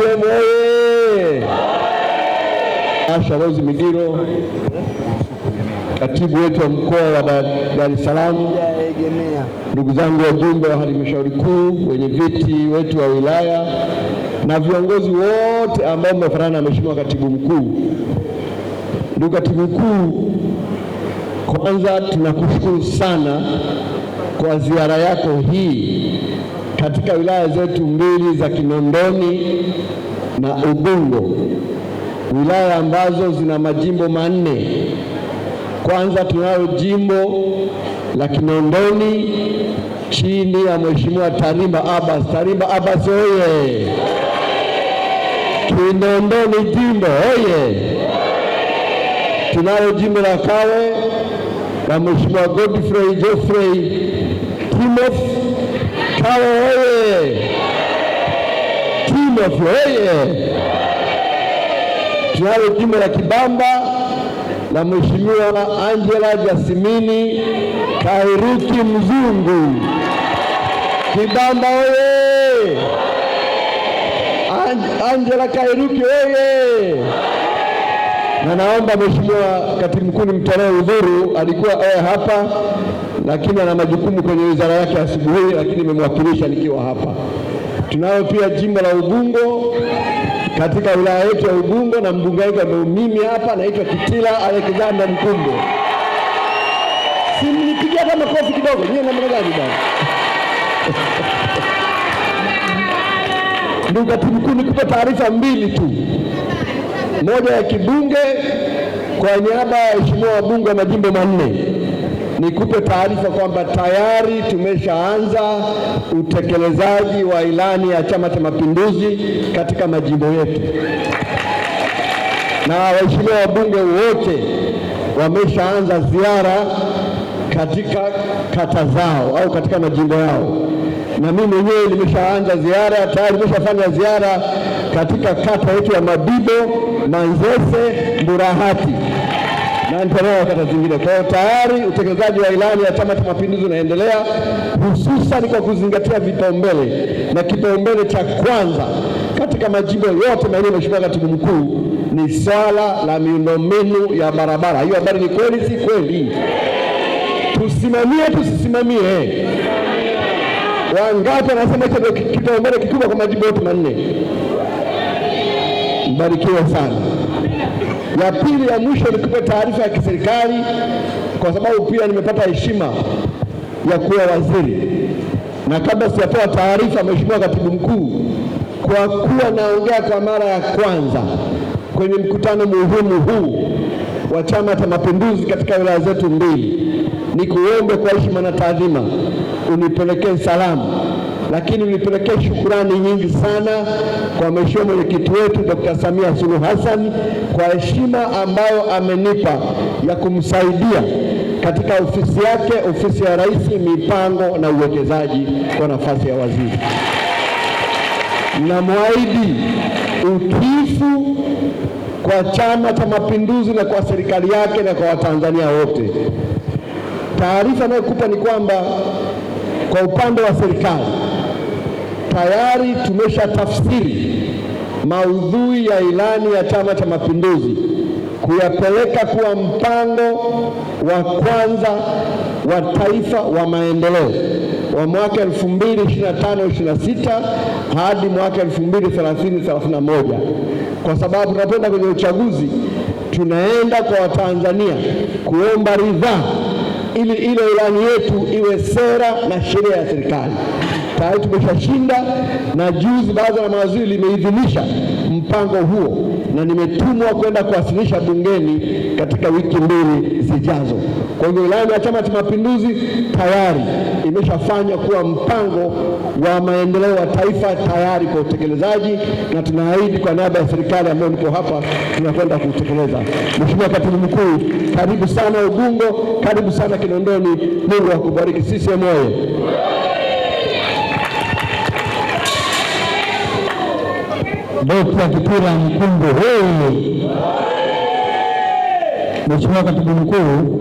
CCM oye! Asha Rose Migiro, katibu wetu wa mkoa wa Dar es Salaam, ndugu zangu wajumbe wa halmashauri kuu, wenye viti wetu wa wilaya na viongozi wote ambao mmefanana na mheshimiwa katibu mkuu. Ndugu katibu mkuu, kwanza tunakushukuru sana kwa ziara yako hii katika wilaya zetu mbili za Kinondoni na Ubungo, wilaya ambazo zina majimbo manne. Kwanza tunalo jimbo la Kinondoni chini ya Mheshimiwa Tarimba Abbas. Tarimba Abbas oye! Kinondoni jimbo oye! Tunalo jimbo la Kawe la Mheshimiwa Godfrey Geoffrey Timoth Kawe oye Timothy hoye! Tunalo jimbo la Kibamba la Mheshimiwa Angela Jasimini Kairuki Mzungu. Kibamba oye Angela Kairuki oye na naomba Mheshimiwa Katibu Mkuu nimtolee udhuru, alikuwa awe eh, hapa lakini ana majukumu kwenye wizara yake asubuhi, lakini nimemwakilisha nikiwa hapa. Tunayo pia jimbo la Ubungo katika wilaya yetu ya Ubungo, na mbunge wetu mimi hapa anaitwa Kitila Alexander Mkumbo. Simnipigia kama kofi kidogo? Nyie namna gani bwana? Ndugu Katibu Mkuu, nikupe taarifa mbili tu moja ya kibunge kwa niaba ya waheshimiwa wabunge wa majimbo manne, nikupe taarifa kwamba tayari tumeshaanza utekelezaji wa ilani ya Chama cha Mapinduzi katika majimbo yetu, na waheshimiwa wabunge wote wameshaanza ziara katika kata zao au katika majimbo yao na mimi mwenyewe nimeshaanza ziara tayari, nimeshafanya ziara katika kata yetu ya Mabibo, Manzese, Mburahati na nitanawa kata zingine. Kwa hiyo tayari utekelezaji wa ilani ya Chama cha Mapinduzi unaendelea hususan kwa kuzingatia vipaumbele, na kipaumbele cha kwanza katika majimbo yote maeneo, Mheshimiwa Katibu Mkuu, ni swala la miundombinu ya barabara. Hiyo habari ni kweli, si kweli? Tusimamie, tusisimamie Wangapi wanasema hicho kipaumbele kikubwa kwa majimbo yote manne? Mbarikiwa sana. Ya pili ya mwisho nikupe taarifa ya kiserikali, kwa sababu pia nimepata heshima ya kuwa waziri, na kabla sijatoa taarifa, Mheshimiwa Katibu Mkuu, kwa kuwa naongea kwa mara ya kwanza kwenye mkutano muhimu huu wa Chama cha Mapinduzi katika wilaya zetu mbili, nikuombe kwa heshima na taadhima unipelekee salamu, lakini unipelekee shukurani nyingi sana kwa Mheshimiwa mwenyekiti wetu Dr. Samia Suluhu Hassan kwa heshima ambayo amenipa ya kumsaidia katika ofisi yake, ofisi ya Rais, mipango na uwekezaji, kwa nafasi ya waziri. Namwahidi utiifu kwa Chama cha Mapinduzi na kwa serikali yake na kwa Watanzania wote. Taarifa anayokupa ni kwamba kwa upande wa serikali tayari tumeshatafsiri maudhui ya ilani ya Chama cha Mapinduzi kuyapeleka kuwa mpango wa kwanza wa taifa wa maendeleo wa mwaka 2025-26 hadi mwaka 2030-31 kwa sababu tunapenda kwenye uchaguzi, tunaenda kwa Watanzania kuomba ridhaa ili ile ilani yetu iwe sera na sheria ya serikali. Tayari tumeshashinda na juzi baraza la mawaziri limeidhinisha mpango huo na nimetumwa kwenda kuwasilisha bungeni katika wiki mbili zijazo. Kwa hivyo ilani ya Chama cha Mapinduzi tayari imeshafanya kuwa mpango wa maendeleo wa taifa tayari kwa utekelezaji, na tunaahidi kwa niaba ya serikali ambayo niko hapa tunakwenda kuutekeleza. Mheshimiwa Katibu Mkuu, karibu sana Ubungo, karibu sana Kinondoni. Mungu akubariki. Sisi moye Dokta kipira Mkumbo hoi! Mheshimiwa Katibu Mkuu,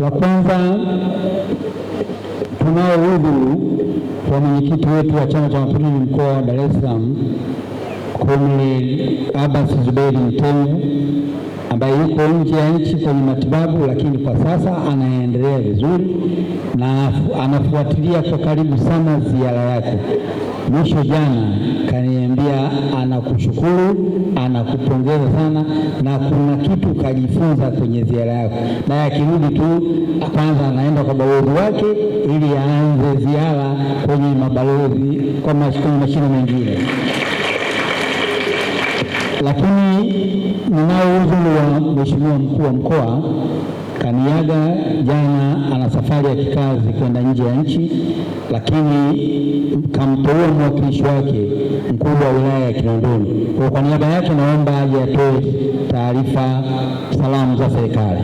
la kwanza tunao udhuru wa mwenyekiti wetu wa Chama cha Mapinduzi mkoa wa Dar es Salaam Comrade Abbas zubeiri Mtengo ambaye yuko nje ya nchi kwenye matibabu, lakini kwa sasa anaendelea vizuri na anafuatilia kwa karibu sana ziara yake mwisho jana kaniambia anakushukuru, anakupongeza sana, na kuna kitu kajifunza kwenye ziara yako. Naye akirudi tu kwanza anaenda kwa balozi wake ili aanze ziara kwenye mabalozi kwa mashina mengine lakini ninao uzuri wa Mheshimiwa mkuu wa mkoa Kaniaga jana ana safari ya kikazi kwenda nje ya nchi, lakini kamteua mwakilishi wake mkuu wa wilaya ya Kinondoni. Kwa kwa niaba yake naomba aje atoe taarifa salamu za serikali.